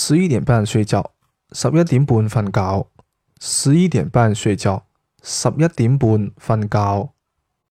十一點半睡覺，十一點半瞓覺，十一點半睡覺，十一點半瞓覺。